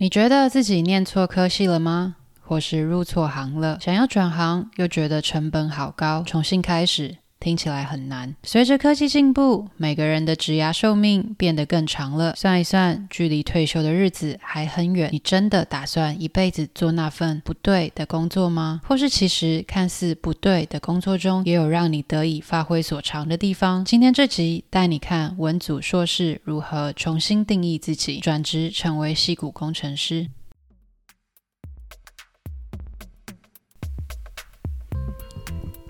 你覺得自己唸錯科系了嗎？或是入錯行了？想要轉行，又覺得成本好高。重新開始。聽起來很難。隨着科技進步，每個人的職涯壽命變得更長了。算一算，距離退休的日子還很遠。你真的打算一輩子做那份不對的工作嗎？或是其實看似不對的工作中，也有讓你得以發揮所長的地方？今天這集帶你看文組碩士如何重新定義自己，轉職成為矽谷工程師。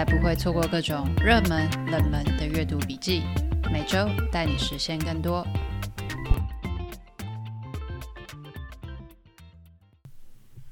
才不會錯過各種熱門、冷門的閱讀筆記，每周帶你實現更多。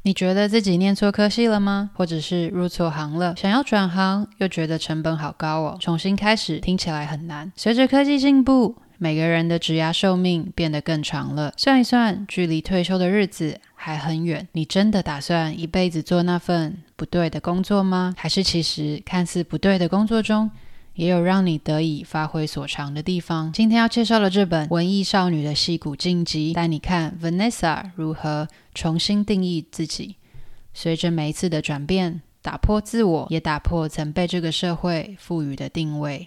你覺得自己念錯科系了嗎？或者是入錯行了？想要轉行，又覺得成本好高哦，重新開始聽起來很難。隨着科技進步，每個人的職涯壽命變得更長了，算一算，距離退休的日子還很遠。你真的打算一輩子做那份不對的工作嗎？還是其實看似不對的工作中，也有讓你得以發揮所長的地方？今天要介紹的這本《文藝少女的矽谷進擊》，帶你看 Vanessa 如何重新定義自己。隨着每一次的轉變，打破自我，也打破曾被這個社會賦予的定位。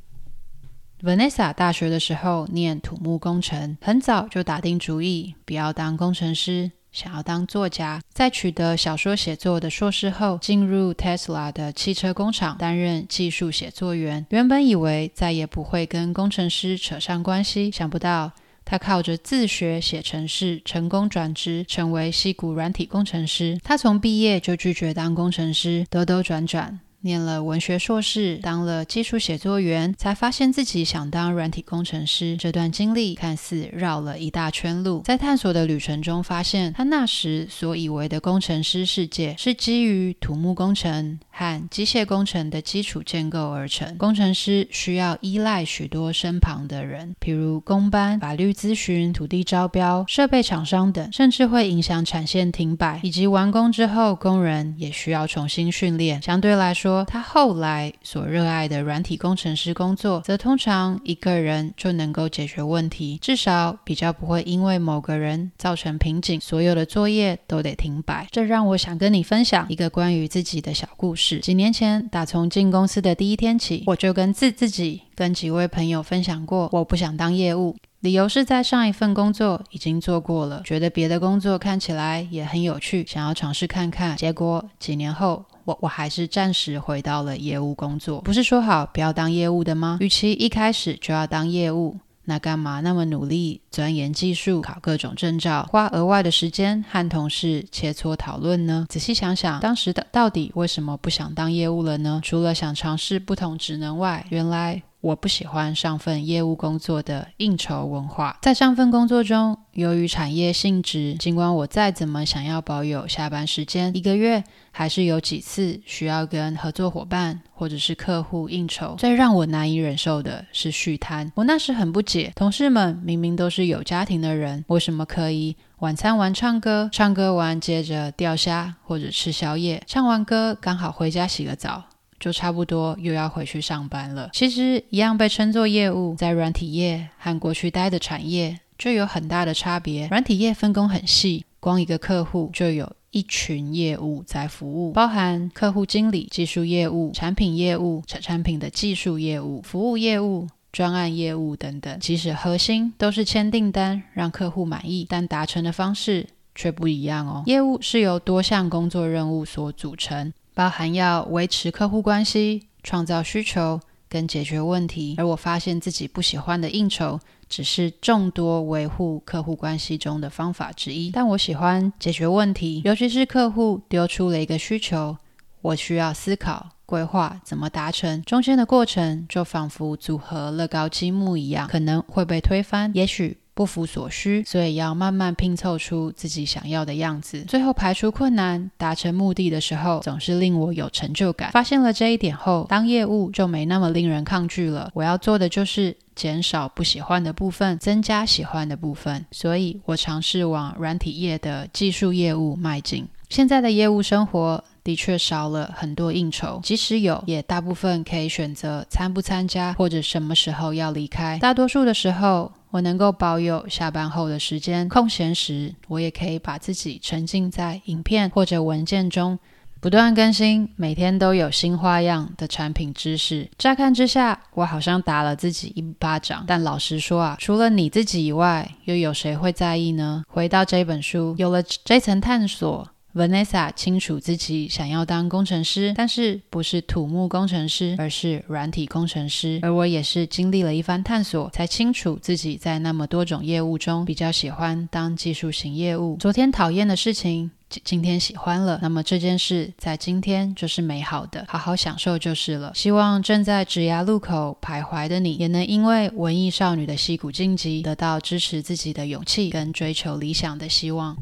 Vanessa 大學的時候念土木工程，很早就打定主意不要當工程師，想要當作家。在取得小說寫作的碩士後，進入 Tesla 的汽車工廠擔任技術寫作員。原本以為再也不會跟工程師扯上關係，想不到他靠着自學寫程式，成功轉職成為矽谷軟體工程師。他從畢業就拒絕當工程師，兜兜轉轉。念了文學碩士，當了技術寫作員，才發現自己想當軟體工程師。這段經歷看似繞了一大圈路，在探索的旅程中，發現他那時所以為的工程師世界，是基於土木工程和機械工程的基礎建構而成。工程師需要依賴許多身旁的人，比如工班、法律諮詢、土地招標、設備廠商等，甚至會影響產線停擺，以及完工之後，工人也需要重新訓練。相對來說，他後來所熱愛的軟體工程師工作，則通常一個人就能夠解決問題，至少比較不會因為某個人造成瓶頸，所有的作業都得停擺。這讓我想跟你分享一個關於自己的小故事。幾年前，打從進公司的第一天起，我就跟自自己、跟幾位朋友分享過，我不想當業務。理由是在上一份工作已經做過了，覺得別的工作看起來也很有趣，想要嘗試看看。結果幾年後，我我還是暫時回到了業務工作。不是說好不要當業務的嗎？與其一開始就要當業務，那幹嘛那麼努力鑽研技術、考各種證照、花額外的時間和同事切磋討論呢？仔細想想，當時的到底為什麼不想當業務了呢？除了想嘗試不同職能外，原來……我不喜歡上份業務工作的應酬文化。在上份工作中，由於產業性質，儘管我再怎麼想要保有下班時間，一個月還是有幾次需要跟合作夥伴或者是客戶應酬。最讓我難以忍受的是續攤。我那時很不解，同事們明明都是有家庭的人，為什麼可以晚餐完唱歌，唱歌完接着釣蝦或者吃宵夜，唱完歌剛好回家洗個澡。就差不多又要回去上班了。其實，一樣被稱作業務，在軟體業和過去待的產業就有很大的差別。軟體業分工很細，光一個客戶就有一群業務在服務，包含客戶經理、技術業務、產品業務、產產品的技術業務、服務業務、專案業務等等。即使核心都是簽訂單讓客戶滿意，但達成的方式卻不一樣哦。業務是由多項工作任務所組成。包含要維持客戶關係、創造需求跟解決問題，而我發現自己不喜歡的應酬，只是眾多維護客戶關係中的方法之一。但我喜歡解決問題，尤其是客戶丟出了一個需求，我需要思考規劃怎麼達成，中間的過程就仿佛組合樂高積木一樣，可能會被推翻，也許。不敷所需，所以要慢慢拼湊出自己想要的樣子。最後排除困難，達成目的的時候，總是令我有成就感。發現了這一點後，當業務就沒那麼令人抗拒了。我要做的就是減少不喜歡的部分，增加喜歡的部分。所以我嘗試往軟體業的技術業務邁進。現在的業務生活的確少了很多應酬，即使有，也大部分可以選擇參不參加，或者什麼時候要離開。大多數的時候。我能夠保有下班後的時間，空閒時，我也可以把自己沉浸在影片或者文件中，不斷更新，每天都有新花樣的產品知識。乍看之下，我好像打了自己一巴掌，但老實說啊，除了你自己以外，又有誰會在意呢？回到這本書，有了這層探索。Vanessa 清楚自己想要當工程師，但是不是土木工程師，而是軟體工程師。而我也是經歷了一番探索，才清楚自己在那麼多種業務中，比較喜歡當技術型業務。昨天討厭的事情，今天喜歡了，那麼這件事在今天就是美好的，好好享受就是了。希望正在職涯路口徘徊的你，也能因為文藝少女的矽谷進擊，得到支持自己的勇氣跟追求理想的希望。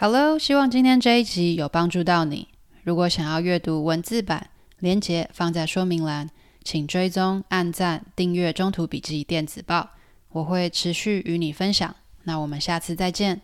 哈囉，Hello, 希望今天這一集有幫助到你。如果想要閱讀文字版，連結放在說明欄，請追蹤、按讚、訂閱《中途筆記電子報》，我會持續與你分享。那我們下次再見。